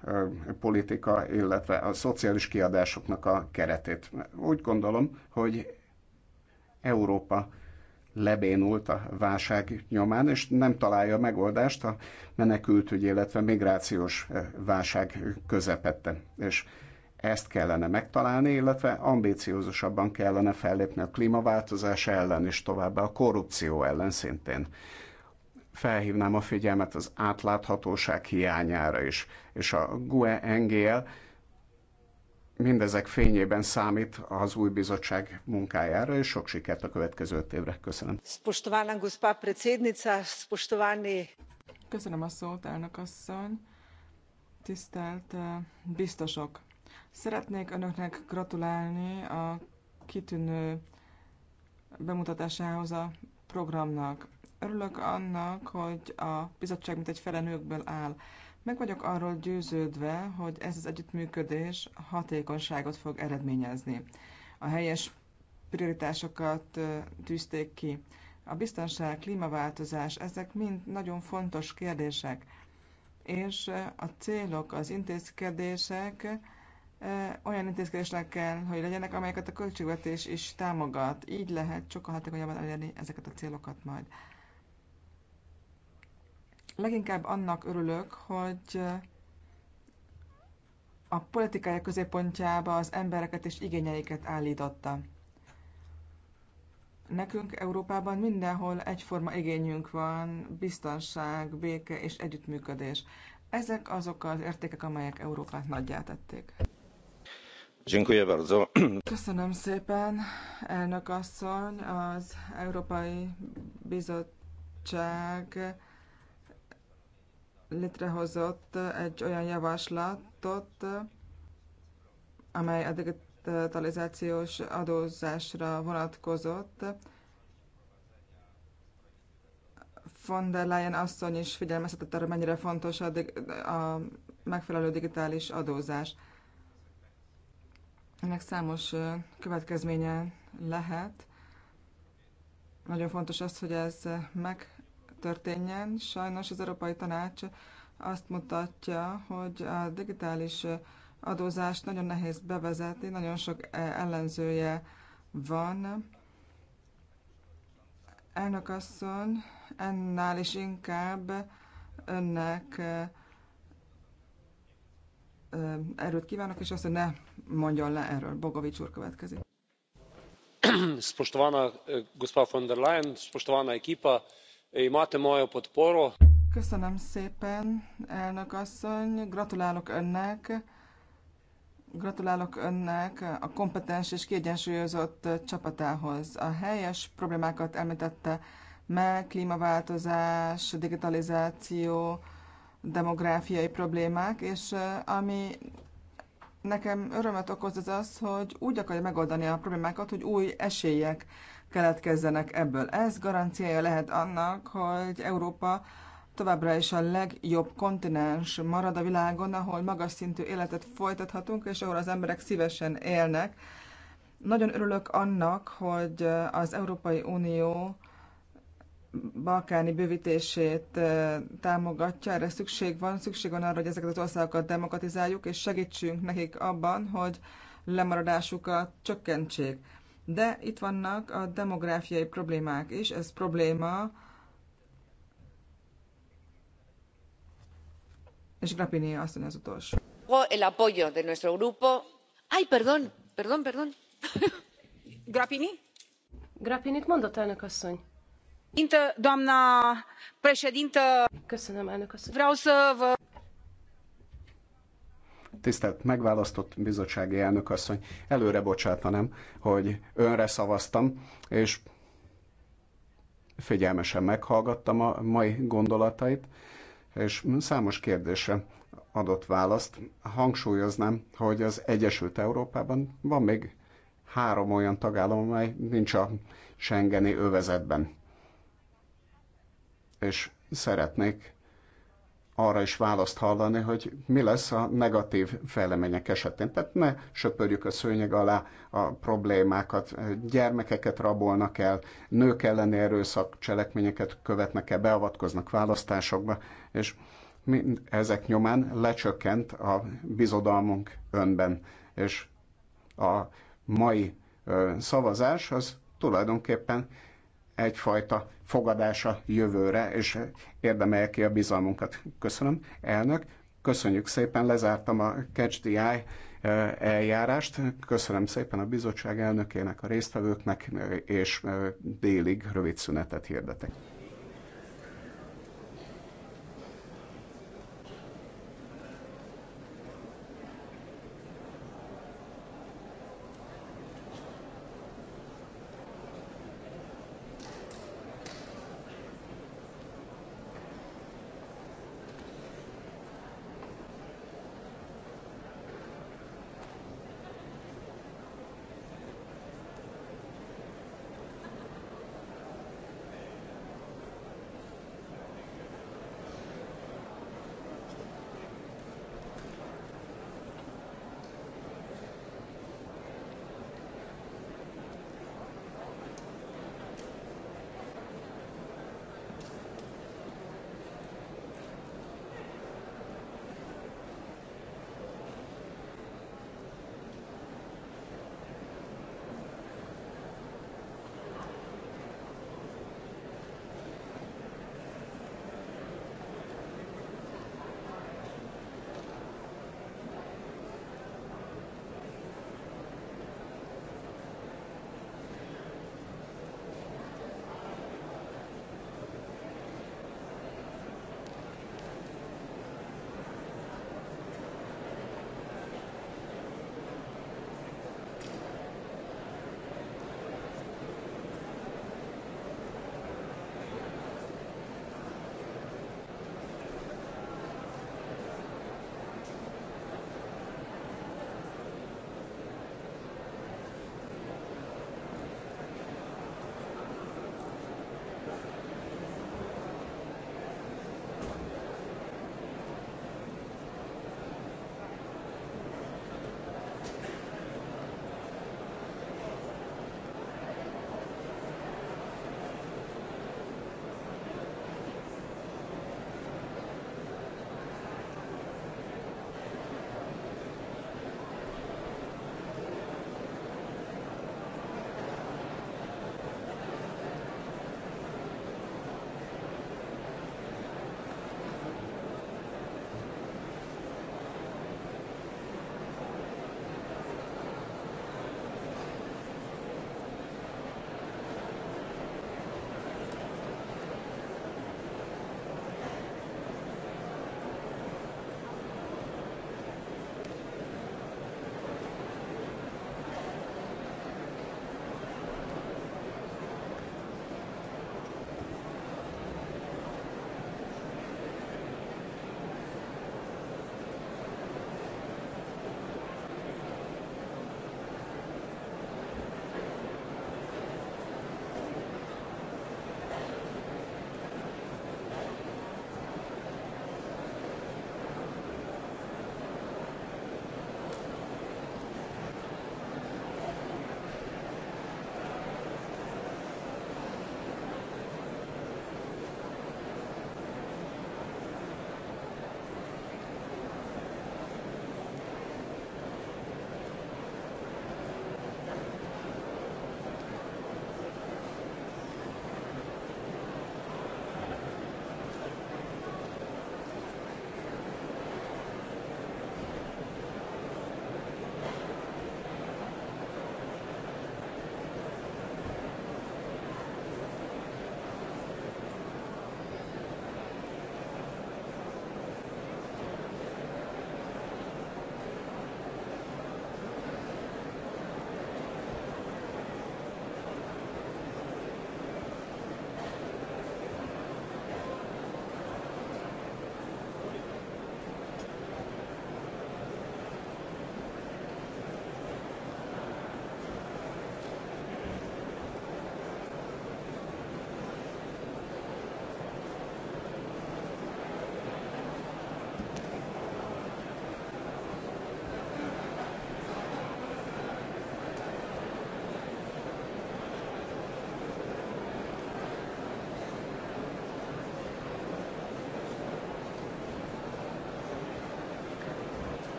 politika, illetve a szociális kiadásoknak a keretét. Úgy gondolom, hogy Európa lebénult a válság nyomán, és nem találja a megoldást a menekültügy, illetve migrációs válság közepette. És ezt kellene megtalálni, illetve ambíciózusabban kellene fellépni a klímaváltozás ellen és továbbá a korrupció ellen szintén. Felhívnám a figyelmet az átláthatóság hiányára is, és a GUE NGL mindezek fényében számít az új bizottság munkájára, és sok sikert a következő öt évre. Köszönöm. Köszönöm a szót, elnök asszony. Tisztelt eh, biztosok! Szeretnék önöknek gratulálni a kitűnő bemutatásához a programnak. Örülök annak, hogy a bizottság mint egy fele nőkből áll. Meg vagyok arról győződve, hogy ez az együttműködés hatékonyságot fog eredményezni. A helyes prioritásokat tűzték ki. A biztonság, klímaváltozás, ezek mind nagyon fontos kérdések. És a célok, az intézkedések olyan intézkedésnek kell, hogy legyenek, amelyeket a költségvetés is támogat. Így lehet sokkal hatékonyabban elérni ezeket a célokat majd. Leginkább annak örülök, hogy a politikája középpontjába az embereket és igényeiket állította. Nekünk Európában mindenhol egyforma igényünk van, biztonság, béke és együttműködés. Ezek azok az értékek, amelyek Európát nagyjá tették. Köszönöm szépen, elnök asszony. Az Európai Bizottság létrehozott egy olyan javaslatot, amely a digitalizációs adózásra vonatkozott. Von der Leyen asszony is figyelmeztetett arra, mennyire fontos a, a megfelelő digitális adózás ennek számos következménye lehet. Nagyon fontos az, hogy ez megtörténjen. Sajnos az Európai Tanács azt mutatja, hogy a digitális adózást nagyon nehéz bevezetni, nagyon sok ellenzője van. Elnök asszony, ennál is inkább önnek erőt kívánok, és azt, hogy ne mondjon le erről. Bogovics úr következik. Spoštovana gospa von der Leyen, spoštovana ekipa, imate mojo podporo. Köszönöm szépen, elnök asszony, gratulálok önnek. Gratulálok önnek a kompetens és kiegyensúlyozott csapatához. A helyes problémákat említette meg, klímaváltozás, digitalizáció, demográfiai problémák, és ami nekem örömet okoz az az, hogy úgy akarja megoldani a problémákat, hogy új esélyek keletkezzenek ebből. Ez garanciája lehet annak, hogy Európa továbbra is a legjobb kontinens marad a világon, ahol magas szintű életet folytathatunk, és ahol az emberek szívesen élnek. Nagyon örülök annak, hogy az Európai Unió balkáni bővítését támogatja, erre szükség van, szükség van arra, hogy ezeket az országokat demokratizáljuk, és segítsünk nekik abban, hogy lemaradásukat csökkentsék. De itt vannak a demográfiai problémák is, ez probléma, és Grappini azt az utolsó. El apoyo de nuestro grupo. Ay, perdón, perdón, perdón. Grappini? Grappinit mondott elnök asszony doamnă președintă vreau să vă. Tisztelt megválasztott bizottsági elnök asszony, előre bocsátanám, hogy önre szavaztam, és figyelmesen meghallgattam a mai gondolatait, és számos kérdésre adott választ. Hangsúlyoznám, hogy az Egyesült Európában van még három olyan tagállam, amely nincs a Schengeni övezetben és szeretnék arra is választ hallani, hogy mi lesz a negatív fejlemények esetén. Tehát ne söpörjük a szőnyeg alá a problémákat, gyermekeket rabolnak el, nők elleni erőszak cselekményeket követnek el, beavatkoznak választásokba, és mind ezek nyomán lecsökkent a bizodalmunk önben. És a mai szavazás az tulajdonképpen egyfajta fogadása jövőre, és érdemelje ki a bizalmunkat. Köszönöm, elnök. Köszönjük szépen, lezártam a Catch the Eye eh, eljárást. Köszönöm szépen a bizottság elnökének, a résztvevőknek, és eh, délig rövid szünetet hirdetek.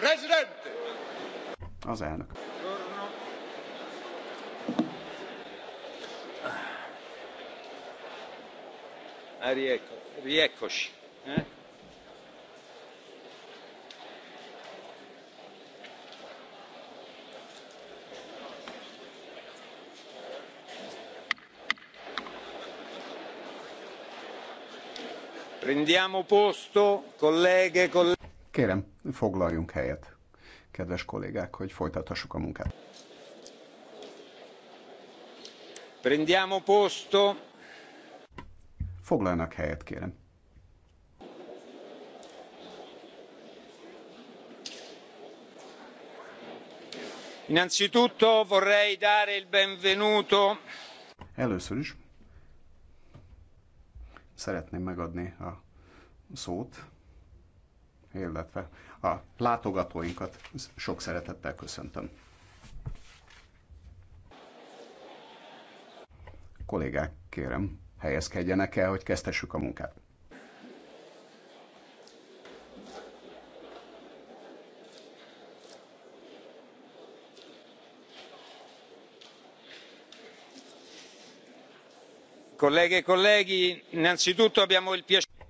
Presidente! Az elnök. Ah, riecco, rieccoci. Eh? Prendiamo posto, colleghe, e colleghi. Kérem, foglaljunk helyet, kedves kollégák, hogy folytathassuk a munkát. Prendiamo posto. Foglalnak helyet, kérem. Innanzitutto vorrei dare il benvenuto. Először is szeretném megadni a szót illetve a látogatóinkat sok szeretettel köszöntöm. Kollégák, kérem, helyezkedjenek el, hogy kezdhessük a munkát. Colleghe e innanzitutto abbiamo il piacere.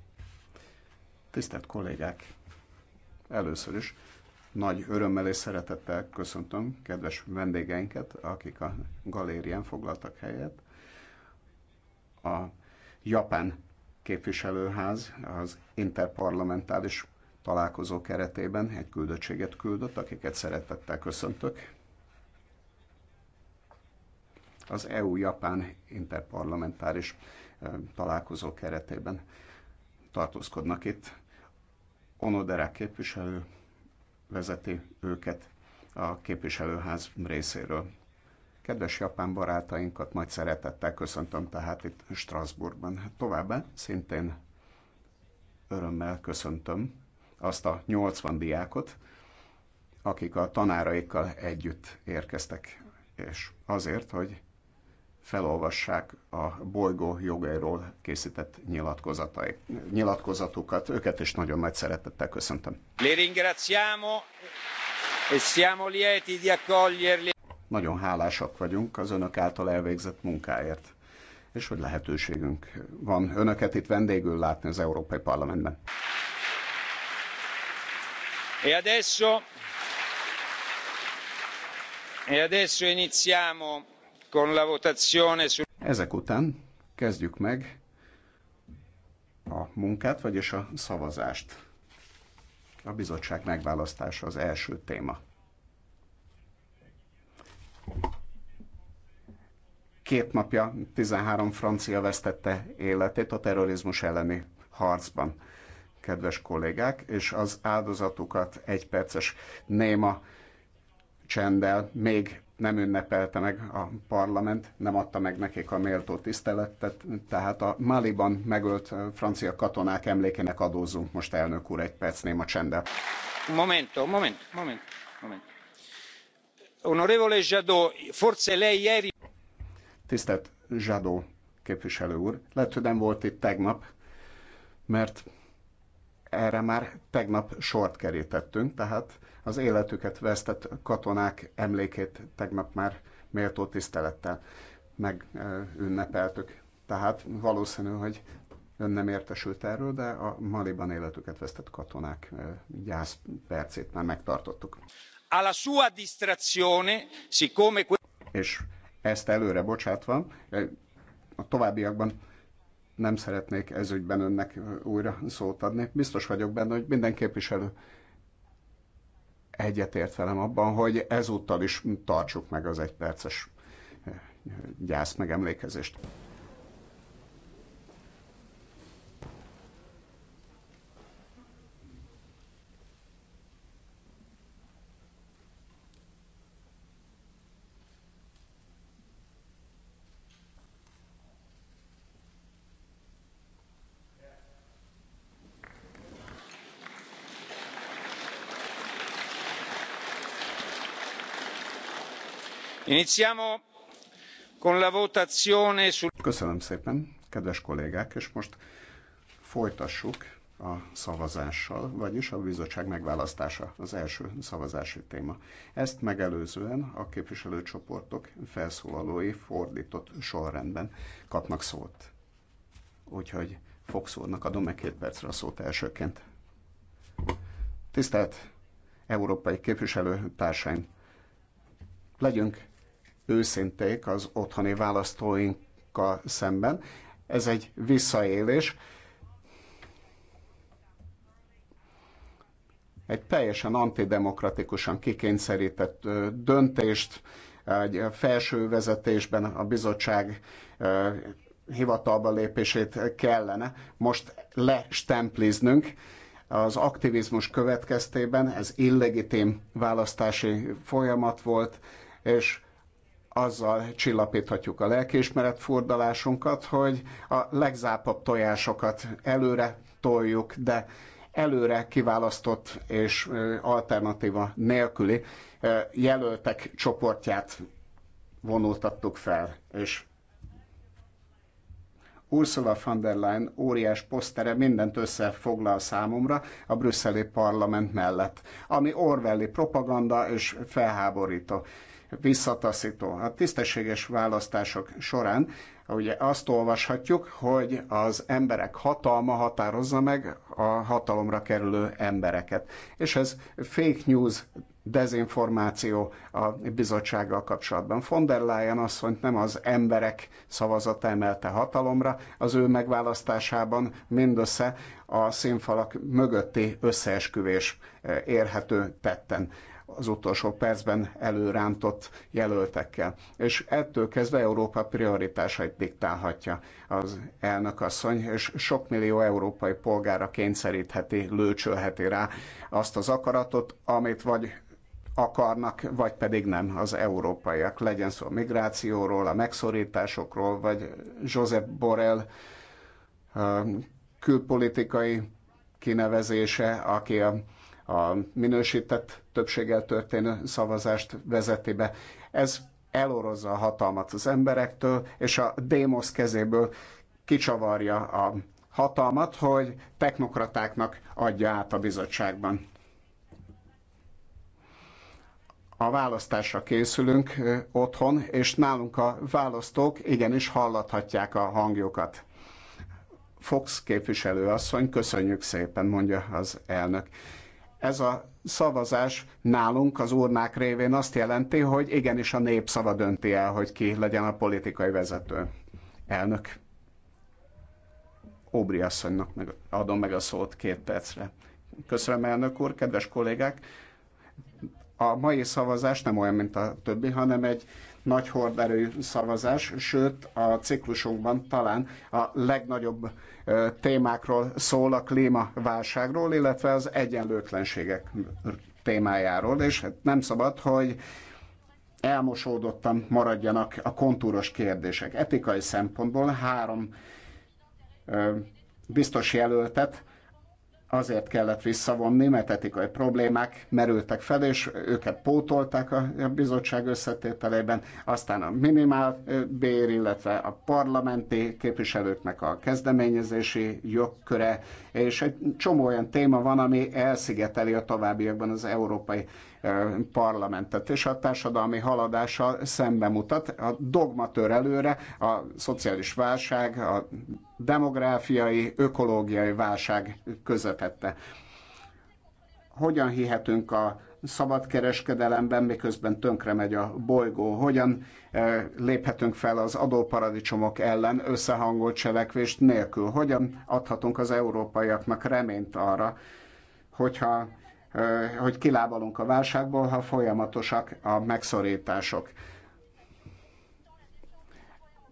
Tisztelt kollégák! Először is nagy örömmel és szeretettel köszöntöm kedves vendégeinket, akik a galérián foglaltak helyet. A Japán képviselőház az interparlamentális találkozó keretében egy küldöttséget küldött, akiket szeretettel köszöntök. Az EU-Japán interparlamentáris találkozó keretében tartózkodnak itt Onodere képviselő vezeti őket a képviselőház részéről. Kedves japán barátainkat nagy szeretettel köszöntöm tehát itt Strasbourgban. Hát továbbá szintén örömmel köszöntöm azt a 80 diákot, akik a tanáraikkal együtt érkeztek, és azért, hogy felolvassák a bolygó jogairól készített nyilatkozatai, nyilatkozatukat. Őket is nagyon nagy szeretettel köszöntöm. Le ringraziamo e siamo lieti di accoglierli. Nagyon hálásak vagyunk az önök által elvégzett munkáért, és hogy lehetőségünk van önöket itt vendégül látni az Európai Parlamentben. E adesso, e adesso iniziamo ezek után kezdjük meg a munkát, vagyis a szavazást. A bizottság megválasztása az első téma. Két napja 13 francia vesztette életét a terrorizmus elleni harcban, kedves kollégák, és az áldozatukat egy perces néma csenddel még nem ünnepelte meg a parlament, nem adta meg nekik a méltó tiszteletet, tehát a Maliban megölt francia katonák emlékének adózunk most, elnök úr, egy perc néma csendet. Momento, moment, moment, moment. Honorevole Jadot, forse lei ieri... Tisztelt Jadot képviselő úr, lehet, hogy nem volt itt tegnap, mert erre már tegnap sort kerítettünk, tehát az életüket vesztett katonák emlékét tegnap már méltó tisztelettel megünnepeltük. Tehát valószínű, hogy ön nem értesült erről, de a Maliban életüket vesztett katonák gyászpercét már megtartottuk. Alla sua distrazione, siccome... És ezt előre bocsátva, a továbbiakban nem szeretnék ezügyben önnek újra szót adni. Biztos vagyok benne, hogy minden képviselő egyetért velem abban, hogy ezúttal is tartsuk meg az egyperces eh, gyász megemlékezést. Köszönöm szépen, kedves kollégák, és most folytassuk a szavazással, vagyis a bizottság megválasztása az első szavazási téma. Ezt megelőzően a képviselőcsoportok felszólalói fordított sorrendben kapnak szót. Úgyhogy Fox úrnak adom meg két percre a szót elsőként. Tisztelt európai képviselőtársaim! Legyünk őszinték az otthoni választóinkkal szemben. Ez egy visszaélés. Egy teljesen antidemokratikusan kikényszerített döntést, egy felső vezetésben a bizottság hivatalba lépését kellene most lestempliznünk. Az aktivizmus következtében ez illegitim választási folyamat volt, és azzal csillapíthatjuk a lelkiismeret furdalásunkat, hogy a legzápabb tojásokat előre toljuk, de előre kiválasztott és alternatíva nélküli jelöltek csoportját vonultattuk fel, és Ursula von der Leyen óriás posztere mindent összefoglal számomra a brüsszeli parlament mellett, ami orwelli propaganda és felháborító visszataszító. A tisztességes választások során ugye azt olvashatjuk, hogy az emberek hatalma határozza meg a hatalomra kerülő embereket. És ez fake news dezinformáció a bizottsággal kapcsolatban. Von der Leyen asszonyt nem az emberek szavazata emelte hatalomra, az ő megválasztásában mindössze a színfalak mögötti összeesküvés eh, érhető tetten az utolsó percben előrántott jelöltekkel. És ettől kezdve Európa prioritásait diktálhatja az elnökasszony, és sok millió európai polgára kényszerítheti, lőcsölheti rá azt az akaratot, amit vagy akarnak, vagy pedig nem az európaiak. Legyen szó a migrációról, a megszorításokról, vagy Josep Borrell külpolitikai kinevezése, aki a a minősített többséggel történő szavazást vezeti be. Ez elorozza a hatalmat az emberektől, és a démosz kezéből kicsavarja a hatalmat, hogy technokratáknak adja át a bizottságban. A választásra készülünk otthon, és nálunk a választók igenis hallathatják a hangjukat. Fox képviselő asszony, köszönjük szépen, mondja az elnök. Ez a szavazás nálunk az urnák révén azt jelenti, hogy igenis a nép szava dönti el, hogy ki legyen a politikai vezető. Elnök. Óbri asszonynak meg, adom meg a szót két percre. Köszönöm, elnök úr, kedves kollégák! a mai szavazás nem olyan, mint a többi, hanem egy nagy horderő szavazás, sőt a ciklusunkban talán a legnagyobb témákról szól a klímaválságról, illetve az egyenlőtlenségek témájáról, és hát nem szabad, hogy elmosódottan maradjanak a kontúros kérdések. Etikai szempontból három biztos jelöltet azért kellett visszavonni, mert etikai problémák merültek fel, és őket pótolták a bizottság összetételében, aztán a minimál bér, illetve a parlamenti képviselőknek a kezdeményezési jogköre, és egy csomó olyan téma van, ami elszigeteli a továbbiakban az európai parlamentet, és a társadalmi haladása szembe mutat. A dogma tör előre, a szociális válság, a demográfiai, ökológiai válság közepette. Hogyan hihetünk a szabad kereskedelemben, miközben tönkre megy a bolygó. Hogyan léphetünk fel az adóparadicsomok ellen összehangolt cselekvést nélkül? Hogyan adhatunk az európaiaknak reményt arra, hogyha hogy kilábalunk a válságból, ha folyamatosak a megszorítások.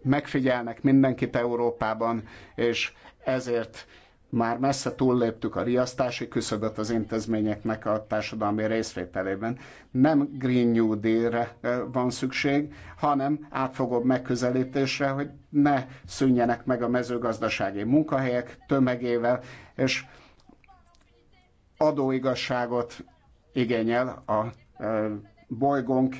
Megfigyelnek mindenkit Európában, és ezért már messze túlléptük a riasztási küszöböt az intézményeknek a társadalmi részvételében. Nem Green New Deal-re van szükség, hanem átfogóbb megközelítésre, hogy ne szűnjenek meg a mezőgazdasági munkahelyek tömegével, és adóigazságot igényel a bolygónk